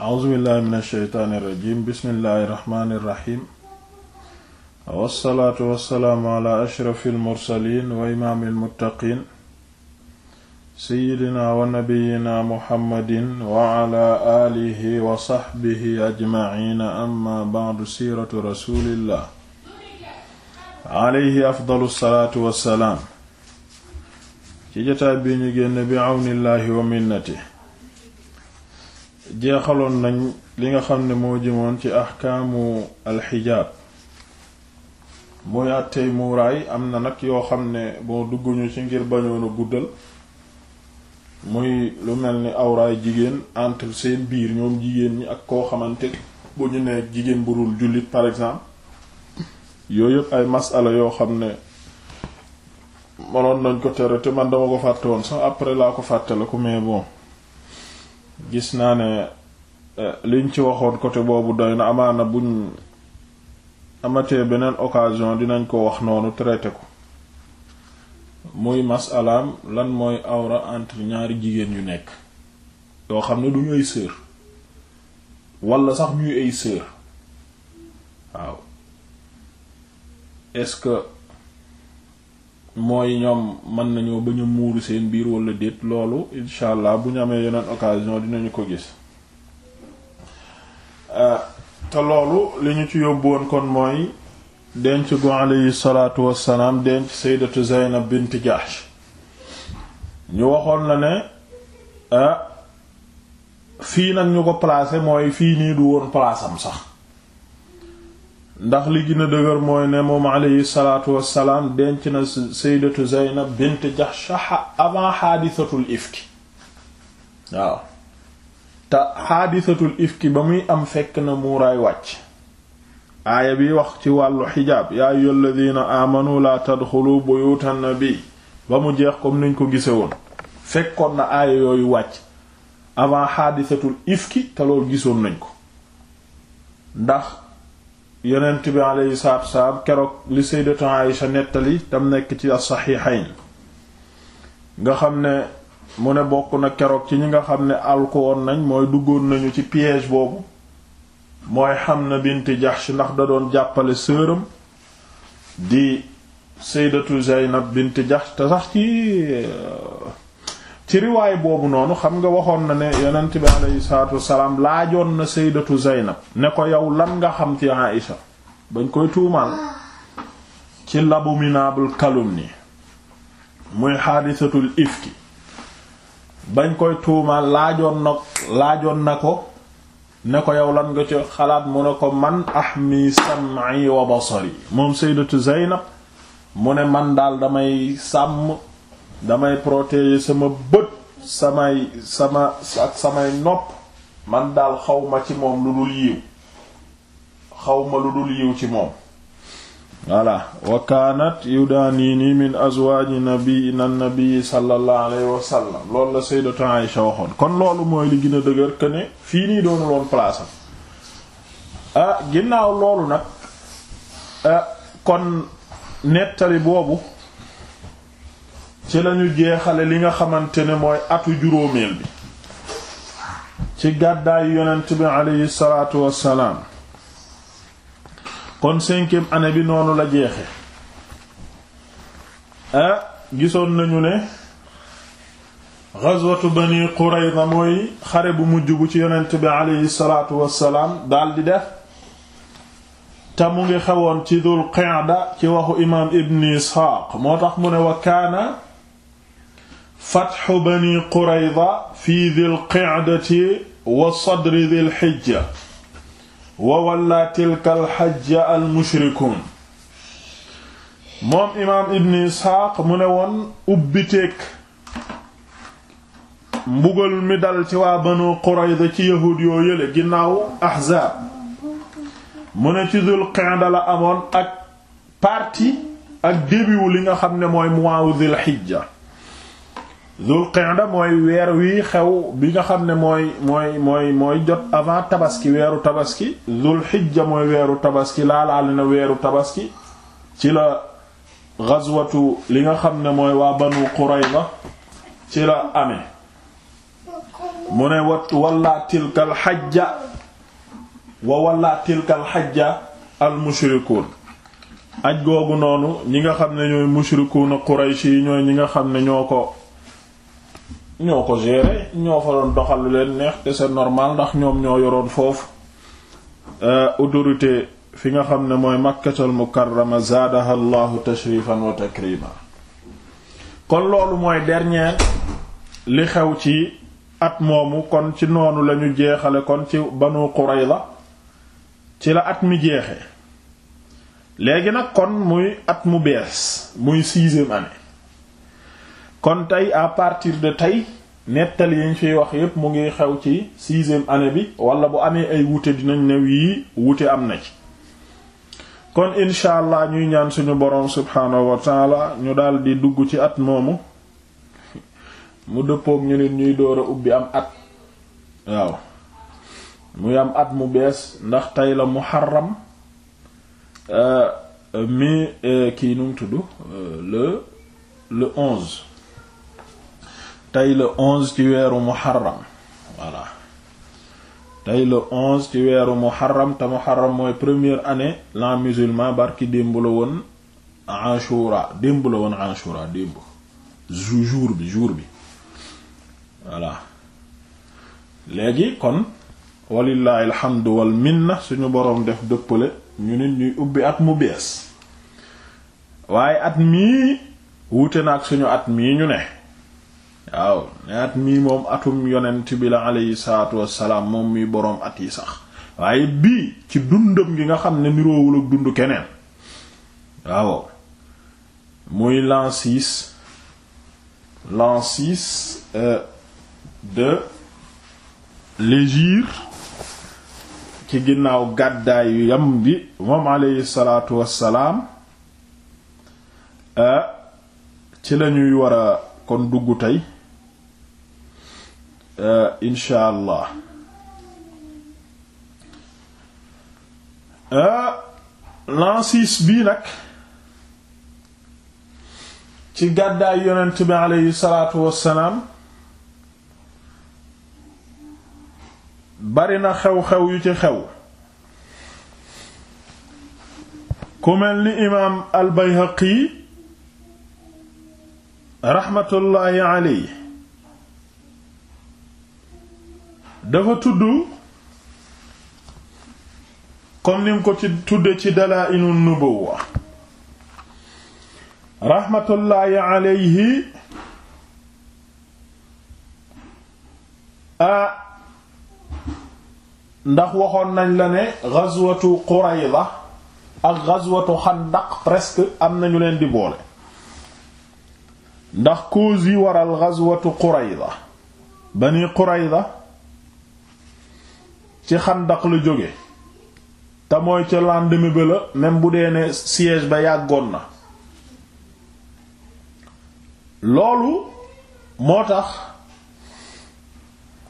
auzubillahi min alsheytaani irrajim bismillahi irrahmani irrahim wassalaatu wassalaamu ala ashrafi almursalin wa imaami almuttaqin seyidina wa nabiyina muhammadin wa ala aalihi wa saxbihi ajmaciina amma bacdu siiratu rasulillah alayhi afdalu salaatu wassalaam ci jotaay bi ñu génn bi awnillahi wa minnatihi jeexaloon nañ li nga xam ne moo jëmoon ci axkaamu alxijaab mooy àttey muuraay am na nag yoo xam ne boo dugguñu ci ngir bañoon guddal muy lu mel ni awraay jigéen entre seen biir ñoom jigéen ñi ak koo xamante bu ñu ne jigéen bu dul jullit par exemple yooyu yëpp ay masala yoo xam ne mënoon nañ ko tere te man dama ko fàtte woon sax après laa ko fàtte la ko mais bon gis naa ne eh, liñ ci waxoon côté boobu doy na amaana buñ amatee beneen occasion dinañ ko wax noonu traité ko muy masalaam lan mooy awra entre ñaari jigéen yu nekk yoo xam ne duñu ay sœur walla sax ñuy ay sœur waaw est-ce que mooy ñoom mën nañoo ba ñu muuru seen biir wala déet loolu incha allah bu ñu amee yeneen occasion dinañu ko gis euh, te loolu li ñu ci yóbbuwoon kon mooy denc gu aleyhi salaatu wassalaam denc sayyidatu Zaynab bint Jahsh ñu waxoon na ne euh, fii nag ñu ko placé mooy fii nii du woon place sax ndax li gën a dëgër mooy ne moom aleyhi salaatu wassalaam denc na sayyidatu Zaynab bint Jahsh avant xaadisatul ifki waaw te xaadisatul ifki ba muy am fekk na muuraay wàcc aaya bi wax ci wàllu xijaab yaa ayyuhal ladina amanu la tadxulu buyutan nabi ba mu jeex comme niñ ko gise woon fekkoon na aaya yooyu wàcc avant xaadisatul ifki te loolu gisoon nañ ko ndax yonent bi yi saat wasalaam keroog li sayyidatu sa nettali tam nekk ci as-saxiixayn nga xam ne mu ne bokk na keroog ci ñi nga xam ne alku woon nañ mooy duggoon nañu ci piège boobu mooy na bint jax ndax da doon jàppale sëram di sayyidatu Zaynab bint Jahsh te sax ci ci riwaay boobu noonu xam nga waxoon na ne yonent bi alayhi salaatu wassalaam laajoon na sayyidatu Zaynab ne ko yow lan nga xam ci Aïsha bañ koy tuumaal ci l'abominable calomnie muy xaadisatul ifki bañ koy tuumaal laajoon na laajoon na ko ne ko yow lan nga ci xalaat mu ne ko man ahmi sam'i wa basari moom sayyidatu Zaynab mu ne man daal damay sàmm damay protéger sama bët samay sama ak samay nopp man daal xawma ci moom lu dul yiw xawma lu dul yiw ci moom voilà wa kaanat yudaaniini min azwaaji nabiina nabii sallallahu alayhi wa sallam lool la sayyidatu Aïsha waxoon kon loolu mooy li gën a dëgër que ne fii nii doonu loon place ah, ginnaaw loolu nag ah, kon nettari boobu ci lañu jeexale li nga xamante ne mooy atu juróomeel bi ci gàddaayu yonent bi aleyhi salaatu wassalaam kon cinquième année bi noonu la jeexe gisoon nañu ne ghazwatu bani qurayza mooy xare bu mujj bu ci yonent bi aleyhi salaatu wassalaam daldi def te mu ngi xewoon ci dul qa'da ci waxu imaam ibn isxaaq moo tax mu ne wa fatxu bani qurayda fi dil qicdati wa sadri dil xijja wa walla tilka alxajja almushrikun moom imaam ibn isxaaq mu ne woon ubbiteeg mbugal mi dal ci waa banu qurayda ci yahuud yoo yële ginnaaw ahzaab mu ne ci dul qicda la amoon ak partie ak début li nga xam ne mooy mois wu dil xijja Zul Qa'da mooy weer wii xew bi nga xam ne mooy mooy jot avant tabaski weeru tabaski Zul Hijja mooy weeru tabaski laa laalaale na weeru tabaski ci la gazwatu li nga xam ne mooy waa Banu Qurayza ci la amee mu ne wat walla tilkal hajja wa walla tilkal hajja al mushrikuun aj googu noonu ñi nga xam ne ñooy mushrikuuna Qurayshi yi ñooy ñi nga xam ne ñoo ko ñoo ko gérer ñoo fa doon doxal lu leen neex te c'est normal ndax ñoom ñoo yoroon foofu euh, autorité fi nga xam ne mooy makkatal mukarrama zaadaha allahu tashrifan wa takrima kon loolu mooy dernier li xew ci at moomu kon ci noonu lañu jeexale kon ci banu qurayza ci la at mi jeexe léegi nag kon muy at mu bees muy sixième année kon tey à partir de tey nettali yi ñu fiy wax yépp mu ngi xew ci sixième année bi wala bu amee ay wuute dinañ new yii wuute am na ci kon incha allah ñuy ñaan suñu boroom subhaanahu wa taala ñu daal di dugg ci at moomu mu dëppook ñu nit ñuy door a ubbi am at waaw muy am at mu bees ndax tey la muharram euh, mi euh, kii nu mu tudd euh, le le onze tey le onze ci weeru muharram voilà tey le onze ci weeru muharram te muharram mooy première année l'an musulman barki démb la woon Ashura démb la jour bi jour bi voilà léegi kon walillahi alhamdu wal minna suñu boroom def dëppale ñu nit ñuy ubbi at mu bees waaye at mii wuute na ak suñu at mii ñu ne waaw ne at mii moom atum yonent bi la aleyhi salaatu wassalaam moom mi boroom at yi sax waaye bii ci dundam gi nga xam ne niroowul ak dund keneen waaw muy l'an six l'an euh, de l'hégire ci ginnaaw gàddaayu yam bi moom aleyhi salaatu wassalaam euh, ci lañuy war a kon dugg tey Eh, incha allah eh, l'an six bii nag ci gàddaay yonent bi aleyhi salaatu wassalaam bari na xew-xew yu ci xew ku mel ni imaam al Bayhaqi raxmatullaahi aleyhi dafa tudd comme nim ko ci tudde ci Dalaa'ilu Nubuwwa raxmatullaahi alayhi a ndax waxoon nañ la ne gazwatu Qurayza ak gazwatu Xandaq presque am nañu leen di boole ndax cause yi waral gazwatu Qurayza Bani Qurayza ci xandax la jóge te mooy ca lendemain ba la même bu dee ne siège ba yàggoon na loolu moo tax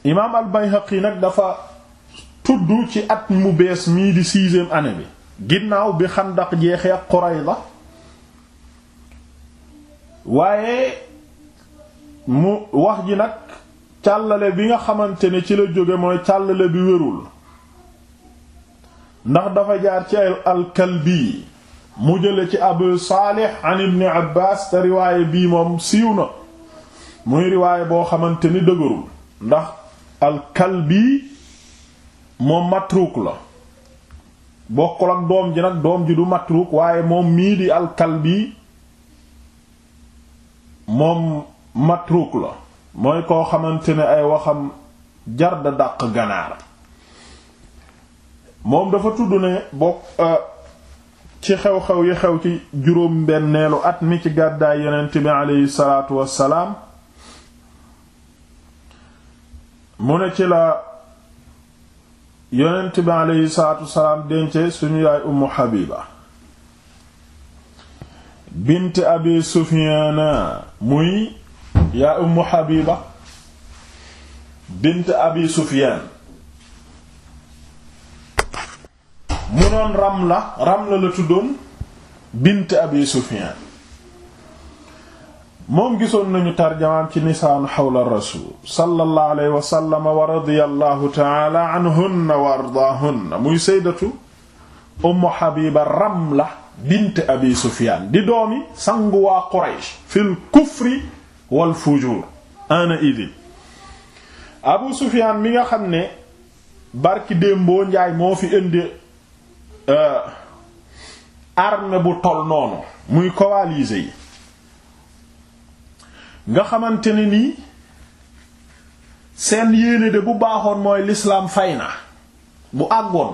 imaam al-Bayhaqi nag dafa tudd ci at mu bees mii di sixième année bi ginnaaw bi xandax jeexee Qurayza waaye mu wax ji nag càllale bi nga xamante ne ci la jóge mooy càllale bi wérul ndax dafa jaar ci alkalbi mu jële ci abu saalih an ibni abbas te riwaaye bii moom siiw na muy riwaaye boo xamante ni dëgërul ndax alkalbi moom matruuk la bokkul ak doom ji nag doom ji du matruuk waaye moom mii di alkalbi moom matruuk la mooy koo xamante ni ay waxam jar dàq ganaar moom dafa tudd ne bokk euh, ci xew-xew yi xew ci juróom benneelu at mi ci gàddaay yonent bi aleyhi salaatu wassalaam mu ne ci la yonent bi aleyhi salaatu wassalaam dence suñu yaay ummu Habiba bint abi Sufyaana muy yaa ummu Habiba bint abi Sufyaan mu noon Ramla Ramla la tuddoon bint abi Sufyaan moom gisoon nañu tarjamaam ci nisaanu xawla rasuul sallallahu alayhi wa sallam wa radiyallahu Ramla bint abi Sufyaan di doomi sangu Quraysh fil kufri wal fujur ana idi Abu Sufyan mi nga xam ne barki démboo njaay moo fi indi euh, arme bu tol noonu muy coalisé yi nga xamante ni nii seen yéene de bu baaxoon mooy lislaam fay na bu àggoon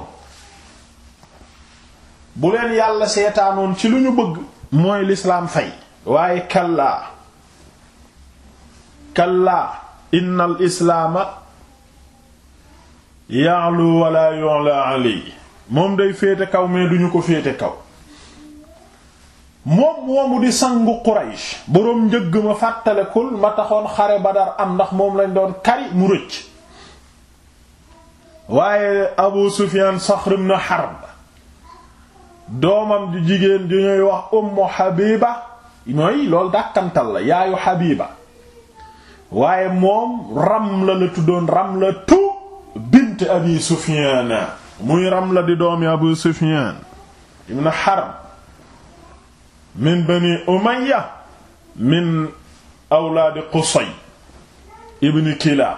bu leen yàlla seetaanoon ci lu ñu bëgg mooy lislaam fay waaye kallaa kallaa inna al islaama ya'lu wala yu'la alayhi moom day féete kaw mais duñu ko féete kaw moom moomu di sangu Quraysh boroom njëgg ma fàttalekul ma taxoon xare Badar am ndax moom lañ doon kari mu rëcc waaye Abu Sufyan Saxr ibn Harb doomam du jigéen ju ñuy wax Ummu Habiba mooy loolu dàkkantal la yaayu Habiba waaye moom Ramla la tuddoon Ramla tu bint Abi Sufyaan muy Ramla di doomi Abu Sufyaan ibn Harb min bani Umayya min awlaadi Qusay ibn Kilaab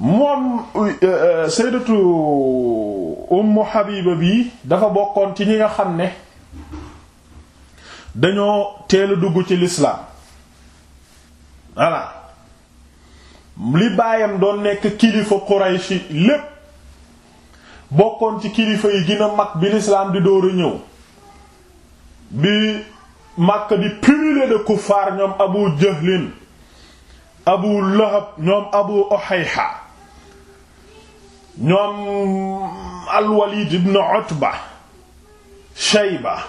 moom sayyidatu Ummu Habiba bi dafa bokkoon ci ñi nga xam ne dañoo teelu dugg ci lislaam voilà li baayam doon nekk kilifa Qurayshi lépp bokkoon ci kilifa yi gën a mag bi lislaam di dóor a ñëw bi Makka di pullule de kuffaar ñoom Abu Jahlin Abu Lahab ñoom Abu Uhayha ñoom al ibn Utba Shayba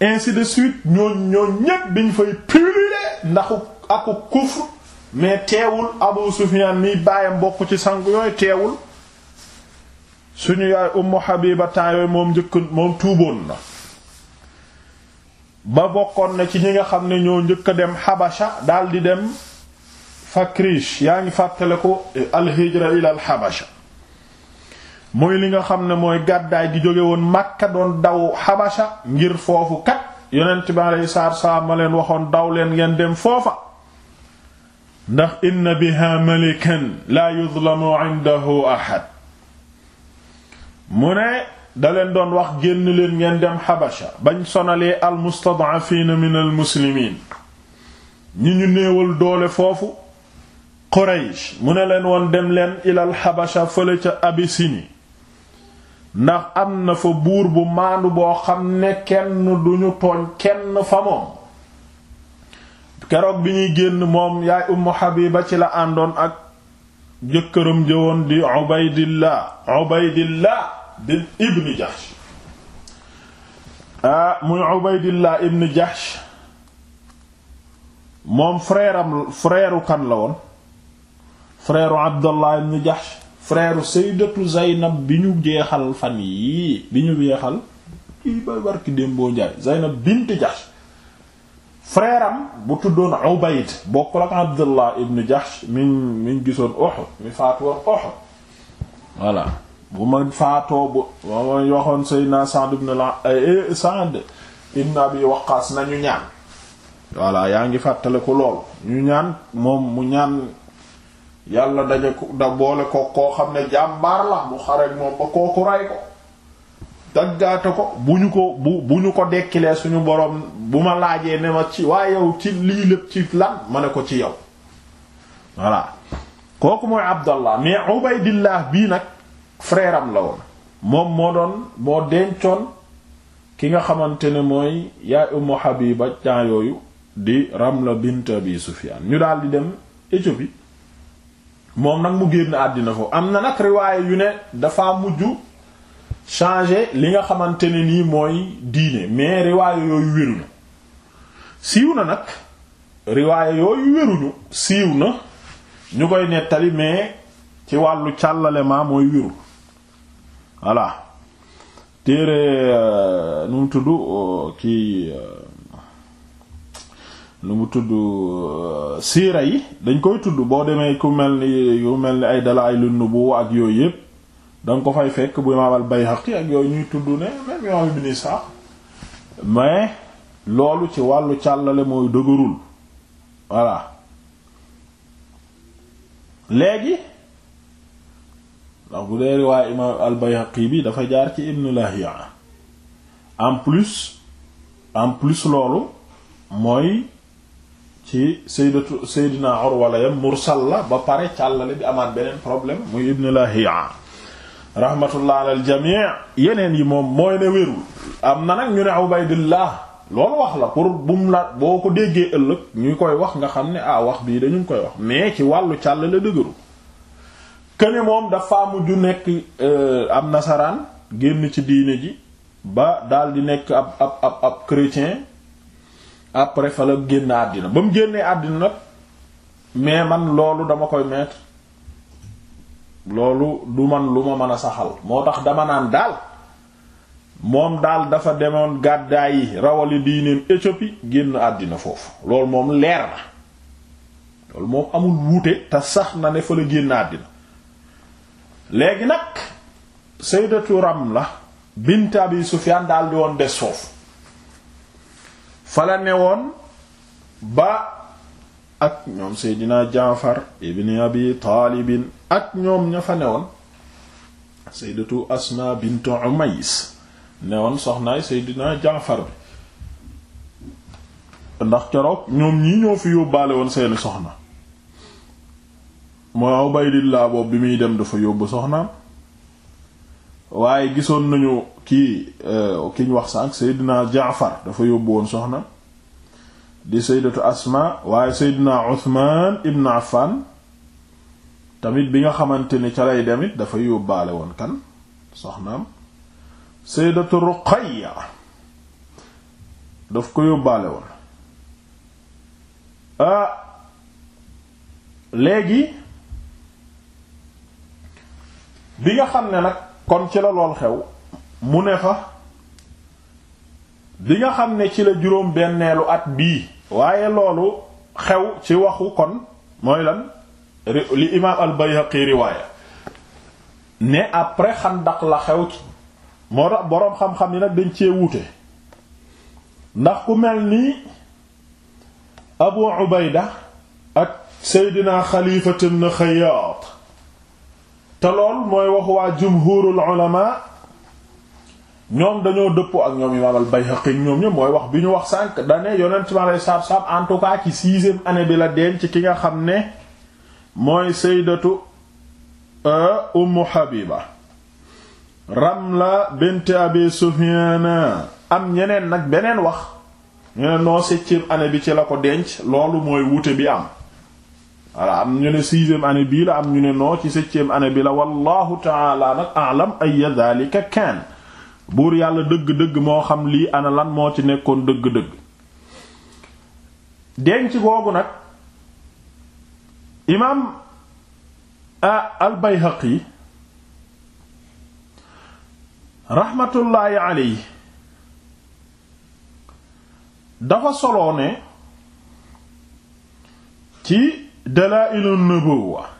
ainsi de suite ñooñ ñooñ ñépp dañ fay pullule ndaxu aku kufr mais teewul Abu Sufyan miy baayam bokk ci sang yooyu teewul suñu yaay Ummu Habiba temps moom njëkk moom tuuboon na ba bokkoon na ci ñi nga xam ne ñoo njëkk a dem Habasha daal di dem Fakrish yaa ngi fàttale ko alhijra ila al Habasha mooy li nga xam ne mooy gàddaay gi jóge woon Makka doon daw Habasha ngir foofu kat yonent bi ma leen waxoon daw leen ngeen dem foofa ndax inna biha malikan laa yuzlamu indahu ahad mu ne da doon wax génn leen ngeen dem xabasha bañ sonalee almustad'afiina min almuslimiin ñi ñu néewal doole foofu Quraysh mu ne leen woon dem leen ilal xabasha fële ca Abisini ndax am na fa buur bu maandu boo xam ne kenn duñu tooñ kenn fa moom keroog bi ñuy génn moom yaay ummu Habiba ci la àndoon ak jëkkëram jëwoon di Ubaydillah Ubaydillah bin ibn Jahsh ah muy Ubaydillah ibn Jahsh moom frère am frère kan la woon frère Abdallah ibn Jahsh frère Sayyidatu Zaynab bi ñu jeexal fan yii bi ñu jeexal kii ba barki démboo Njaay Zaynab bint Jahsh frère am bu tuddoon Ubayd bokkul ak Abdullah ibn Jahsh min gisoon Uhud mi faatu woon Uhud bu ma faatoo bu ma waxoon Seydina Sa'd ibn la eh, eh, Sa'd ibn Abi Waqqas nañu ñaan voilà yaa ngi fàttale ko lool ñu ñaan moom mu ñaan yàlla daje da boole ko koo xam ne jàmbaar la mu xareek moom ba kooku ray ko daggaate ko bu ñu ko bu bu ñu ko dekkilee suñu borom bu ma laajee ne ma ci waa yow ci lii lépp ci lan ma ne ko ci yow voilà kooku mooy abdallah mais ubaydillah bii nag frère la woon moom moo doon moo dencoon ki nga xamante ne mooy yaay ummu habiba yooyu di ramla bint abi sufyan ñu daal dem Éthiopie moom nag mu génn àddina foofu am na nag riwaaye yu ne dafa mujj changer li nga xamante ne nii mooy diine mais riwaaye yooyu wéruñu siiw na nag riwaaye yooyu wéruñu siiw na ñu koy nettali mais ci wàllu càllale ma mooy wéru voilà téere euh, nu mu tudd ci euh, euh, nu mu tudd siira yi dañ koy tudd boo demee ku mel ni yu mel ni ay dalaa'ilun nubuwwa ak yooyu yépp da nga ko fay fekk bu imaam al-Bayhaqi ak yooyu ñuy tudd ne même imaam Ibn Ishaq loolu ci wàllu càllale mooy dëgërul voilà léegi ndax bu dee riwaay imaam al bi dafa jaar ci Ibn Lahiya en plus en plus loolu mooy ci sayyidatu sayyidina Urwa la yam mursal la ba pare càllale bi amaat beneen problème muy Ibn Lahiya rahmatullah ala aljamii yeneen yi moom mooy ne wérul am na nag ñu ne Ubaydullah loolu wax la pour bum la boo ko déggee ëllëg ñu koy wax nga xam ne ah wax bii dañu ngi koy wax mais ci wàllu càll la dëgëru këne moom dafa mujj nekk euh, am nasaraan génn ci diine ji ba dal di nekk ab ab ab ab chrétien après fa la génn àddina ba mu génnee àddina nag mais man loolu dama koy mettre loolu du man lu ma mën a saxal moo tax dama naan daal moom daal dafa demoon gàddaa yi rawali diineem Éthiopie génn àddina foofu loolu moom leer na loolu moom amul wuute te sax na ne fa la génn àddina léegi nag sayyidatu la bint Abi Sufyaan daal di woon des foofu fa la ne woon ba ak ñoom dinaa jaafar ibni abi taalibin ak ñoom ña fa newoon saydatu asma bint umays newoon soxnaay seydina jaafar bi ndax keroog ñoom ñii ñoo fi yóbbaale woon seeni soxna moo ubaydillah boobu bi muy dem dafa yóbbu soxnaam waaye gisoon nañu kii eh, ki ñu wax sànq dinaa jaafar dafa yóbbu woon soxna di saydatu asma waaye sayduna uthman ibn affan tamit bi nga xamante ni ca lay demit dafa yóbbaale woon kan soxnaam saydatu ruqayya daf ko yóbbaale woon ah léegi bi nga xam ne nag kon ci la lool xew mu ne fa bi nga xam ne ci la juróom benneelu at bii waaye loolu xew ci waxu kon mooy lan li imaam al-Bayhaqi riwaaya ne après xandax la xew moo tax boroom xam-xam yi nag dañ cee wuute ndax ku mel ni Abu Ubayda ak Seydina Xalifa ibn Xayyaat te lool mooy waxu waa jumhuurul ulamaa ñoom dañoo dëppoo ak ñoom imaam al-Bayhaqi ñoom ñoom mooy wax bi ñu wax sànq dane yonent mi alayhi salaatu salaam en tout cas ci sixième année bi la denc ci ki nga xam ne mooy sayyidatu euh, Ummu Habiba Ramla bint Abi Sufyaan am ñeneen nag beneen wax ñu ne non septième année bi ci la ko denc loolu mooy wuute bi am voilà am ñu ne sixième année bii la am ñu ne non ci septième année bi la wallahu ta'ala nag a'lam ay dhalika kaan buur yàlla dëgg-dëgg moo xam lii ana lan moo ci nekkoon dëgg-dëgg denc googu nag imaam al Bayhaqi raxmatullaahi alayhi dafa soloone ne ci Dalaa'ilun Nubuwwa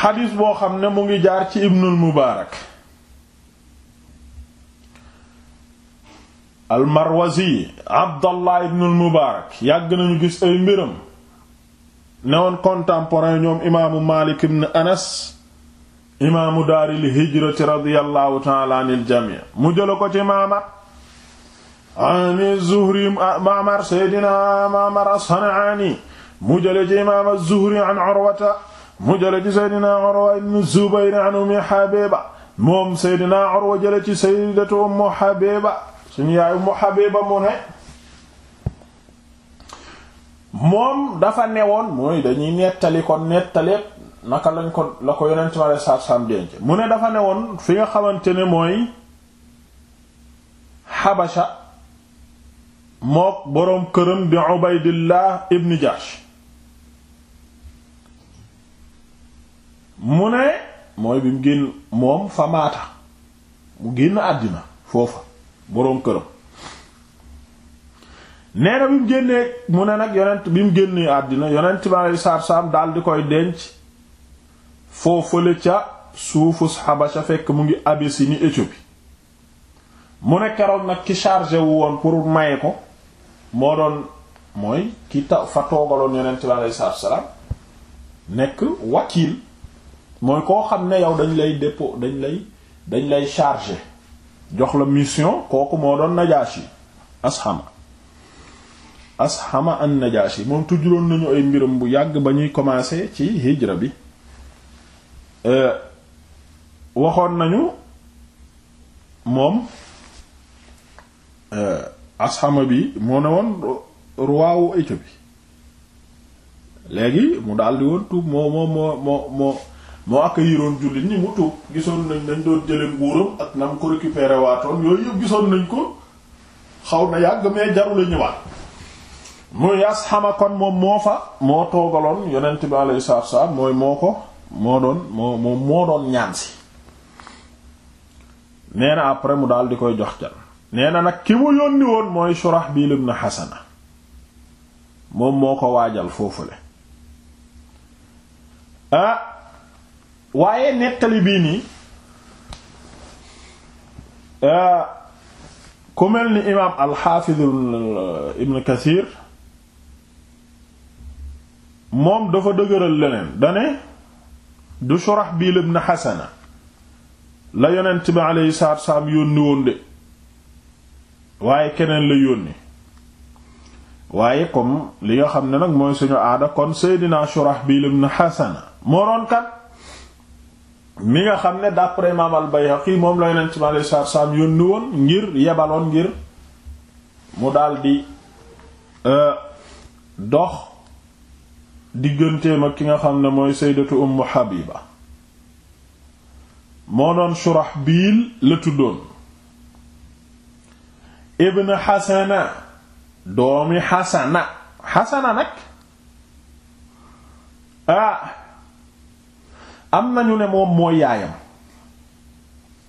xadis boo xam ne mu ngi jaar ci ibnul mubaarak almarwazi abdallah ibnul mubaarak yàgg nañu gis ay mbiram newoon contemporain ñoom imaamu maalik ibn anas imaamu daaril hijrati radiyallahu taala anil jamii mu jëla ko ci maamar ani zuhri maamar seydina maamar as-sanaani mu jële ci imaam az-zuhri an urwata mu jële ci seydina Urwa ibn Zubayr an Ummi Habiba moom seydina Urwa jële ci sayyidatu Ummu Habiba suñu yaay Ummu Habiba mu ne moom dafa newoon mooy dañuy nettali kon nettaleet naka lañ ko la ko yonent ma saat sam denc mu ne dafa newoon fi nga xamante ne mooy Habasha mook boroom këram di Ubaydillah ibn Jahsh mu ne mooy bi mu génn moom fa maata mu génn àddina foofa boroom këram nee na bi mu génnee mu ne nag yonent bi mu génnee àddina yonent bi aleyhi salaatu salaam daal di koy denc foofale ca suufus Habasha fekk mu ngi Abyssinie Éthiopie mu ne keroog nag ki chargé wu woon pour maye ko moo doon mooy ki ta fa toogaloon yonent bi aleyhi salaam nekk wakiil mooy koo xam ne yow dañ lay dépôt dañ lay dañ lay chargé jox la mission kooku moo doon Najaashi Ashama Ashama an yi moom tujjuloon nañu ay mbiram bu yàgg ba ñuy commencé ci hijra bi euh, waxoon nañu moom euh, Ashama bi moo ne woon roi wu Éthiopie léegi mu daldi woon tuub moo moo moo moo moo moo accueilliroon jullit ñi mu tuub gisoon nañ nañ doon jële nguuram ak nam ko récupéré waatoon yooyu gisoon nañ ko xaw na yàgg mais jarula ñëwaat muy asxama kon moom moo fa moo toogaloon yonent bi alayhi salaatu salaam mooy moo ko moo doon moo moom ñaan si nee na après mu daal di koy jox jan nee na nag ki mu yónni woon mooy Shurahbil ibn moom moo ko waajal foofu ah waaye nettali bii nii euh, ku mel ni imaam alxaafiz ibn Kathir moom dafa dëgëral leneen dane du Shurahbil ibn Hasana la yonent bi alayhi salaatu wassalaam yónni woon de waaye keneen la yónni waaye comme li nga xam ne nag mooy suñu aada kon Seydina Shurahbil ibn Hasana moo doon mi nga xam ne d'après imaam al moom lay yonent ci alayhi salaatu salaam woon ngir yebaloon ngir mu daldi euh, dox digganteem ak ki nga xam ne mooy sayyidatu Ummu Habiba moo doon Shurahbiil la tuddoon ibn Hasana doomi Hasana Hasana nag ah am na ñu ne moom mooy yaayam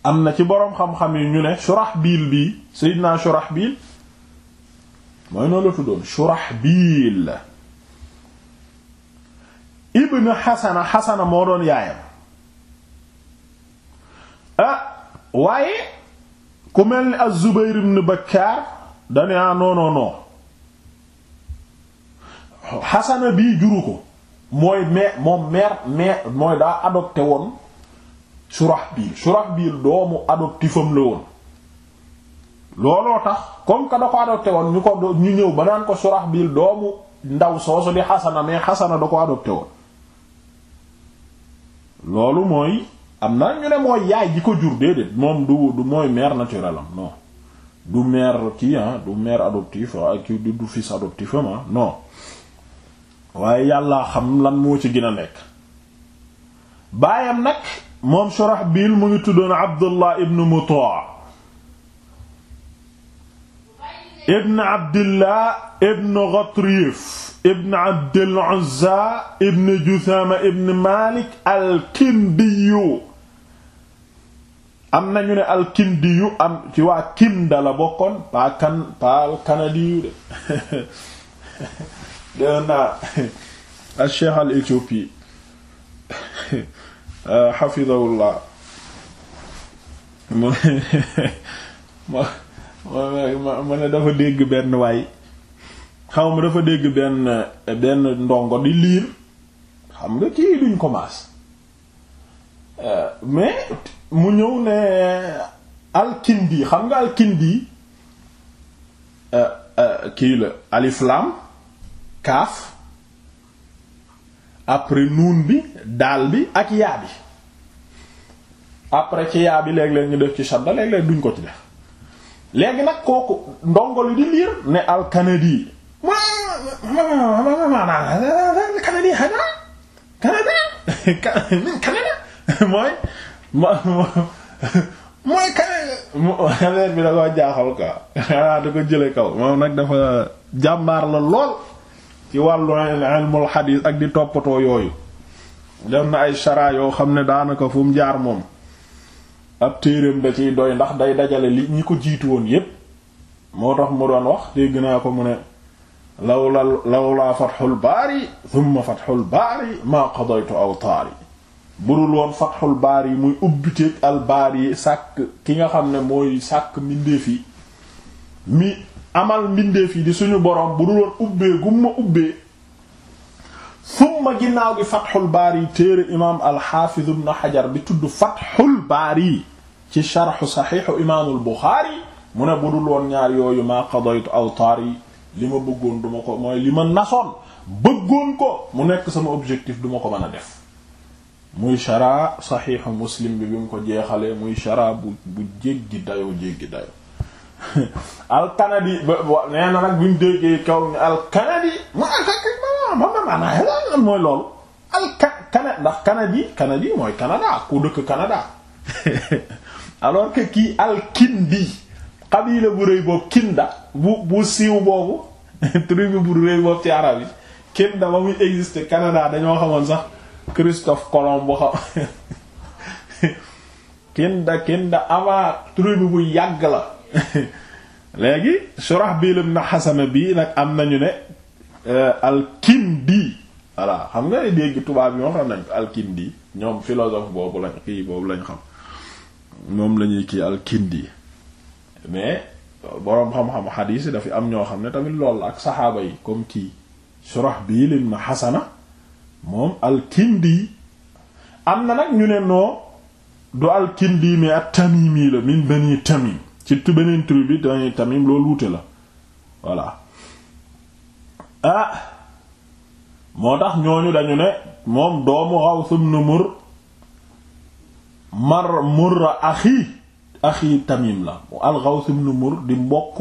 am na ci boroom xam-xam yi ñu ne Shurahbil bii Seydina Shurahbil mooy noonu la tuddoon Shurahbil ibn Hasana Hasana moo doon yaayam ah waaye ku mel ni Az-Zubayr ibn Bakkar dane ah Hasana bii juru ko mooy mère moom mère mère mooy daa adopté woon Surahbil biir doomu adoptifam la woon looloo tax comme que da ko adopté woon ñu ko ñu ñëw ba naan ko Surahbil doomu ndaw soosu di Xasana mais Xasana da ko adopté woon loolu mooy am na ñu ne mooy yaay ji ko jur déedéet moom du du mooy mère naturelle am du mère kii ah du mère adoptif ah kii du fils adoptif am ah non. waaye yàlla xam lan moo ci gën a nekk baayam nag moom Shurahbil mu ngi tuddoon Abdullah ibn Muta' ibn Abdillah ibn Ghatrif ibn Abdil Uzza ibn Juthama ibn Malik al-Kindiyu am nañu ne al-Kindiyu am ci waa Kinda la bokkoon pa al-Kanadiyu de dégg uh, naa al cheikh al éthiopie uh, hafidahullah mu ma ne dafa dégg benn waay xaw ma dafa dégg benn ndongo di liir xam nga kii duñ commence uh, mais mu ñëw ne alkindi xam nga alkindi kii la alif kaaf après nuun bi daal bi ak yaa bi après ci yaa bi léeg-léeg ñu def ci shadda léeg-léeg duñ ko ci def léegi nag kooku ndongo li di liir ne al kanadi kanadi hada kanada kanada mooy mooy kanada bi da ko jaaxal quoi da ko jële kaw moom nag dafa jàmbaar la lool ci wàllu ilmul xadiis ak di toppatoo yooyu def na ay chara yoo xam ne daanaka fu mu jaar moom ab téereem da ciy doy ndax day dajale li ñi ko jiitu woon yépp moo tax mu doon wax dégg naa ko mu ne lawla lawla fatxul baari thumma fatxul baari maa qadaytu awtaari burul woon fatxul baari muy ubbiteeg al baari sàkk ki nga xam ne mooy sàkk mbindeef yi mi amal mbindeef yi di suñu borom bu dul woon ubbee gumma ubbee summa ginnaaw gi fatxul baari téere imaam alxaafiz ibn xajar bi tudd fatxul baari ci sharxu saxiixu imaamul buxaari mu ne bu dul woon ñaar yooyu maa qadaytu awtaar yi li ma bëggoon duma ko mooy li ma nasoon bëggoon ko mu nekk sama objectif duma ko mën a def muy sharaa saxiixu muslim bi bi mu ko jeexale muy sharaa bu bu jéggi dayoo jéggi dayoo alkanadi ba nee na nag bi mu déggee kaw ni alkanadi ma ma maanaam lan mooy loolu alka kana ndax kanadi mooy Canada ku dëkk Canada alors que kii alkindi xabila bu rëy boobu kinda bu bu siiw boobu tribu bu rëy boobu ci arab yi kinda ba muy exister Canada dañoo xamoon sax Christophe Colomb bu xam kinda kinda avant tribu bu yàgg la léegi bii Shurahbil ibn Hasana bii nag am nañu ne euh, al-Kindi voilà xam nga dégg tubaab yi moom xam nañ ko al-Kindi ñoom philosophe boobu lañ kii boobu lañ xam moom lañuy kii al-Kindi mais boroom xam-xam xadiis yi dafa am ñoo xam ne tamit lool ak saxaaba yi comme kii Shurahbil ibn xasana moom al-Kindi am na nag ñu ne noo du al-Kindi mais at-Tamimi la min Bani Tamim ci beneen tribu bi tamit loolu wuute la voilà ah moo tax ñooñu dañu ne moom doomu Aws ibn Murr mar Murra axi axi Tamim la al-Ghaws ibn Murr di mbokk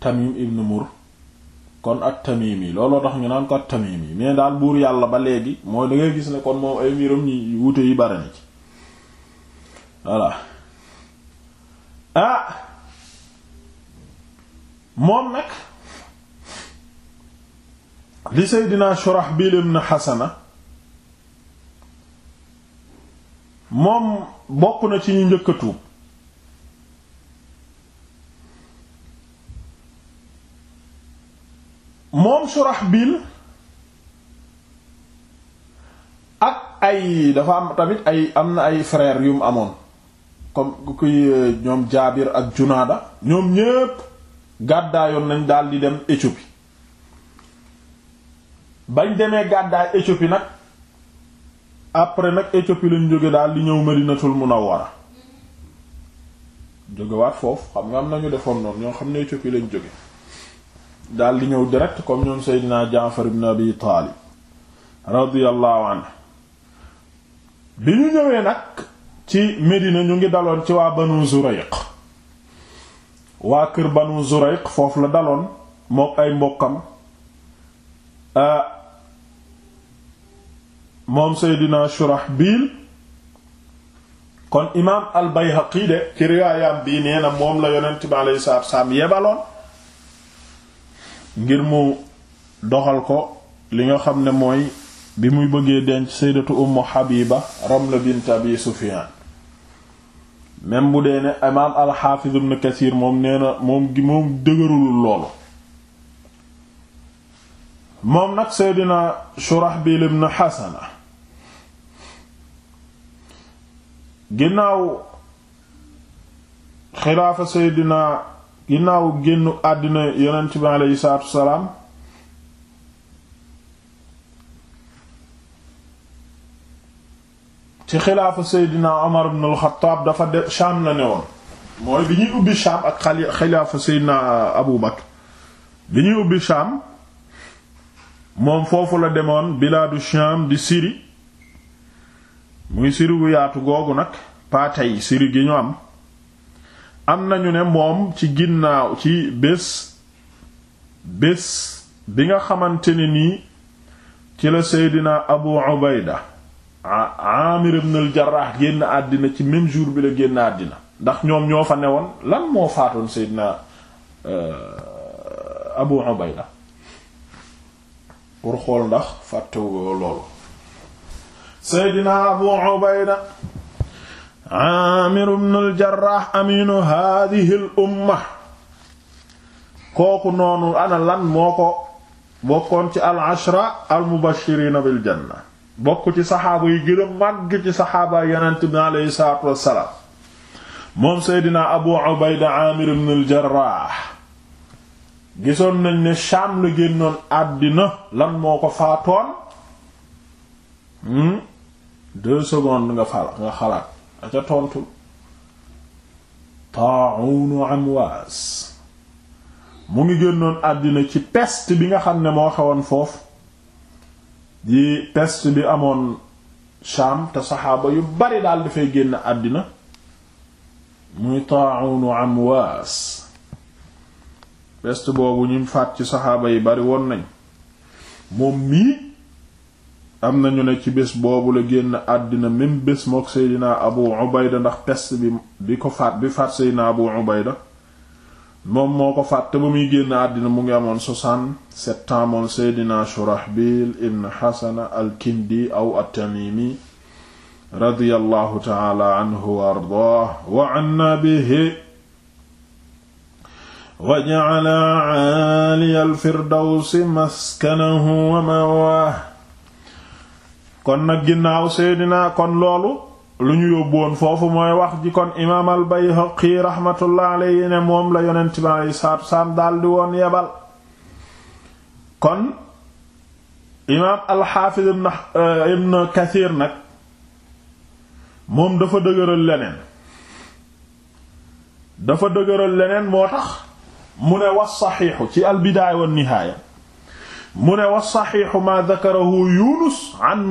Tamim ibn Murr kon ak Tamimi looloo tax ñu naan ko ak Tamimi mais daal buur yàlla ba léegi moo da ngay gis ne kon moom ay mbiram ñi wute yi bare na ci voilà ah moom nag li Seydina Shurahbil ibn Hasana moom bokk na ci ñu njëkk a tuub moom Shurahbil ak ay dafa am tamit ay am na ay frères yum amoon comme ku koy euh, ñoom jaabir ak junaada ñoom ñépp gàddaayoon nañ daal di dem Éthiopie bañ demee gàddaay Éthiopie nag après nag Éthiopie lañ jóge daal di ñëw Madinatul Munawwara jógewaat foofu xam nga am nañu defoon noonu ñoo xam ne Éthiopie lañ jóge daal di ñëw direct comme ñoom Seydina Jaafar ibn Abi Taalib radiyallahu anhu bi ñu ñëwee nag ci Medina ñu ngi daloon ci waa Banu Zurayq waa kër Banu Zurayq foofu la daloon mook ay mbokkam ah, moom Seydina Shurahbil kon imaam al-Bayhaqi de ci riwaayam bii nee moom la yonent bi alayhi salaatu wa yebaloon ngir mu doxal ko li nga xam ne mooy bi muy bëggee denc Sayyidatu Ummu Habiba Ramla bint Abi Sufyaan même bu dee ne imaam alxaafiz ibn Kasiir moom nee na moom gi moom dëgërulul loolu moom nag Seydina Shurahbil ibn Hasana ginnaaw xilaafa Seydina ginnaaw génnu àddina yonent bi aleyhi salaatu wa salaam ci xilaafa Seydina Omar ibn al dafa de Sham la ne woon mooy bi ñuy ubbi Sham ak xilaafa Seydina Abu Bakr bi ñuy ubbi Sham moom foofu la demoon bilaadu Sham di siri muy Syrie gu yaatu googu nag paa tey Syrie gi ñu am am nañu ne moom ci ginnaaw ci bés bés bi nga xamante ne nii ci la Seydina Abu Ubayda Amir ibn jarrah génn àddina ci même jour bi la génn àddina ndax ñoom ñoo fa newoon lan moo faatoon Seydina euh, Abu Ubayda pour xool ndax fàttewoo loolu Seydina Abu Ubayda Amir ibn jarrah aminu hadhihi al-umma kooku noonu ana lan moo ko bokkoon ci al-ashra al-mubashirina bil janna bokk ci saxaaba yi gën a màgg ci saxaaba yonent bi aleyhi salaatu wassalaam moom seydina abu ubayda amir ibn al gisoon nañ ne Shaam la génnoon àddina lan moo ko faatoon hmm deux secondes nga fal nga xalaat aca tontul taawunu amwaas mu ngi génnoon àddina ci pest bi nga xam ne moo xewoon foofu yi pest bi amoon Sham te saxaaba yu bari daal dafay génn àddina muy Taa'uunu Amwaas peste boobu ñu faat ci saxaaba yi bari woon nañ moom mii am nañu ne ci bés boobu la génn àddina même bés mook Seydina Abu Ubayda ndax pest bi di ko faat bi faat Seydina Abu Ubayda moom moo ko faat te ba muy génn àddina mu ngi amoon soixante-sept ans moom seydina Shurahbil ibn Hasana al-Kindi aw at-Tamimi radiyallahu ta'ala anhu wa ardaah wa anna bihi wa ja'ala 'aliya al-firdawsi maskanahu wa ma'waahu kon nag ginnaaw seydina kon loolu lu ñu yóbbu woon foofu mooy wax ji kon imaam yi Bayhaqi rahmatullah alayhi ne moom la yonent bi alayhi salaatu salaam daldi woon yebal kon imaam al Hafiz euh, ibn Kathir nag moom dafa dëgëral leneen dafa dëgëral leneen moo tax mu ne wax saxiixu ci al bidaaya nihaaya mune wa saxiixu maa dakarahu yunus an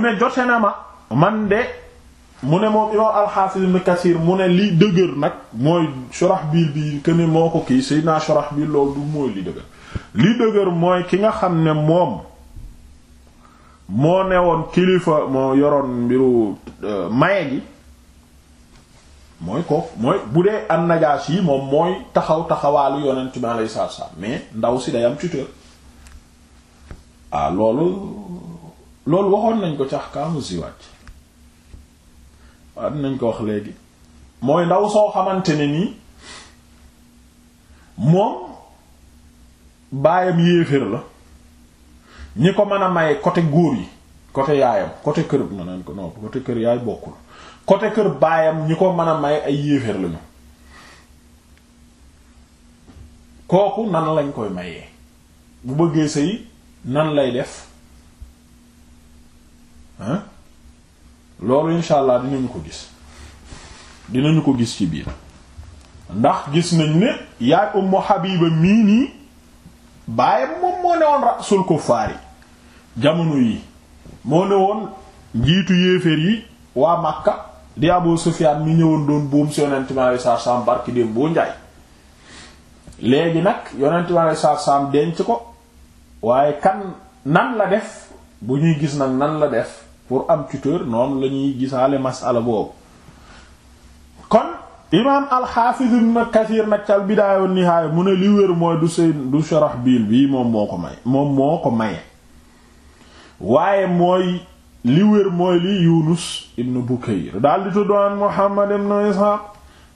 ne jote na ma man de ne moom imaam alxaafiz ibn kasiir mu ne li dëgër nag mooy Shurahbiil bi këne moo ko kii Seydina du mooy li dëgër mooy ki nga xam ne moom moo woon kilifa moo yoroon mbiru euh, maye gi mooy kooku mooy bu dee an Najaasi moom mooy taxaw taxawaalu yonent bi lay salaatu salaam mais ndaw si day am tuteur ah loolu loolu waxoon nañ ko cax kaamu ziwaaj waaw dinañ ko wax léegi mooy ndaw soo xamante ni nii moom baayam yéeféer la ñi ko mën a maye côté góor yi côté yaayam côté kër na naan ko non côté kër yaay bokkul côté kër baayam ñi ko mën a may ay yéeféer lañu kooku nan lañ koy mayee bu bëggee sëy nan lay def loolu insha allah dinañu ko gis dinañu ko gis ci biir ndax gis nañ ne yaay Ummu Habiba mii nii baayam moom moo ne woon rasul kuffaar yi jamono yi moo ne woon njiitu yéeféer yi waa Makka di Abu Sufyaan mi ñëwoon doon buum si yonent mi alayhi salaatu barki dem boo njaay léegi nag yonent mi alayhi denc ko waaye kan nan la def bu ñuy gis nag nan la def pour am tuteur noonu lañuy ñuy gisaale masala boobu kon imaam alxaafiz ibn kathir nag ca albidaaya wa mu ne li wér mooy du seen du Shurahbiil bii moom moo ko may moom moo ko maye waaye mooy li wér mooy li yunus ibn bukayr daal di tuddoon muhammad ibn isxaaq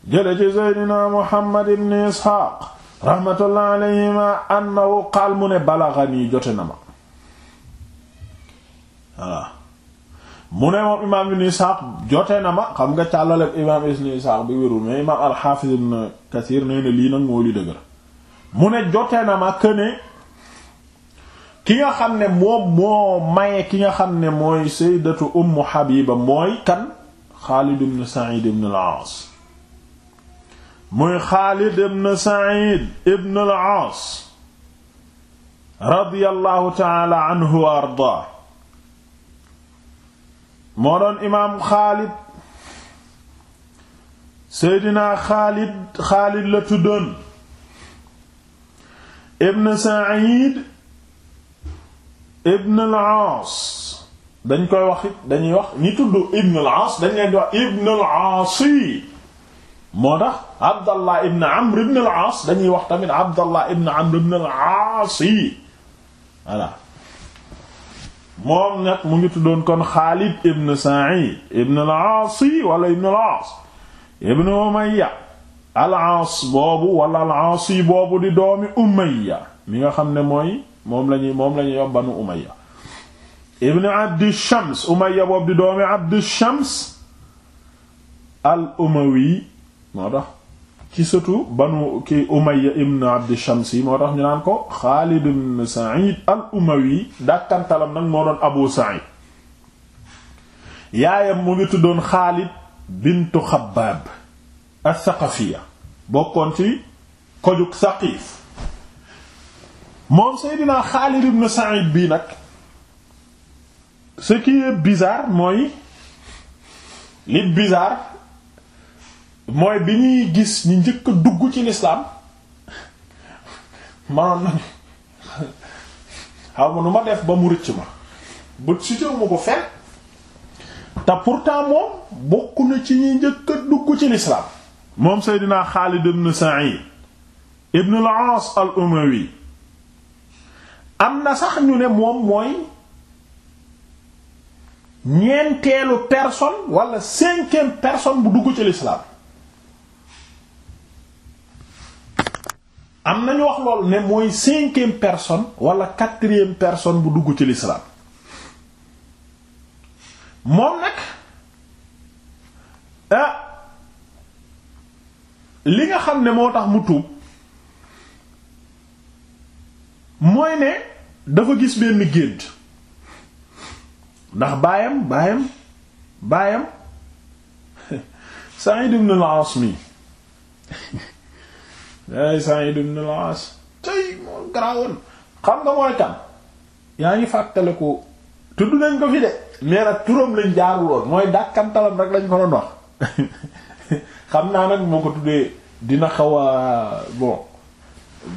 jële ci seydina muhammad ibn isxaaq rahmatullah alayhima annahu qaal mu ne balagani jote na ma mu ne moom imaam ibn Isaaq jote na ma xam nga càllaleb imaam ibn Isaaq bi wérul mais imaam al-Hafiz ibn Kathir nee lii nag moo li dëgër mu ne jote na ma këne ki nga xam ne moom moo maye ki nga xam ne mooy sayyidatu Ummu Habiba mooy kan Xaalid ibn Sa'id ibn al-Aas mooy Xaalid ibn Sa'id ibn al-Aas radiyallahu ta'ala anhu ardaa moo doon imaam Xaalid Seydina Xaalid Xaalid la tuddoon Ibn Saïd Ibn al-Aas dañ koy wax dañuy wax ni tudd Ibn al-Aas dañ leen di wax Ibn al-Aas moo tax Abdallah Ibn Amr Ibn al-Aas dañuy wax tamit Abdallah Ibn Amr Ibn al-Aas yi moom nag mu ngi tuddoon kon Xaalid ibn Sa'id ibn al-Aas wala ibn al-Aas ibn Umayya al-Aas boobu wala al-Aas boobu di doomi Umayya mi nga xam ne mooy moom lañuy moom lañuy yob banu Umayya ibn Abdi Shams Umayya boobu di doomi Abdi Shams al-Umawi moo tax ci sëtu banu ki Umayya ibn Abd Shams moo tax ñu naan ko Xaalid ibn Sa'id al Umawi dàkkantalam nag moo doon Abu Sa'id yaayam mu ngi tuddoon Xaalid bintu Xabbaab as-Saqafiya bokkoon ci kojug Saqiif moom Seydina Xaalid ibn Sa'id bii nag ce qui est mooy li bizarre mooy bi ñuy gis ñu njëkk dugg ci lislaam manoon nañu xaw ma nu ma def ba mu rëcc ma bët si jëw ma ko fen te pourtant moom bokk na ci ñuy njëkk dugg ci lislaam moom seydinaa Xaalid ibn Sa'id ibn al al-Umawi am na sax ñu ne moom mooy ñeenteelu personne wala cinquième personne bu dugg ci lislaam am nañu wax lool ne mooy cinquième personne wala quatrième personne bu dugg ci l'islam moom nag ah li nga xam ne moo tax mu tuub mooy ne dafa gis benn gént ndax baayam baayam baayam Sa'id ibn al-Asmi yaay tey moo garawoon xam nga mooy tam yaa ngi fàttaliku tudd nañ ko fi de mais nag turam lañ jaaruloon mooy dàkkantalam rek lañ ko a wax xam naa nag moo ko tuddee dina xaw a bon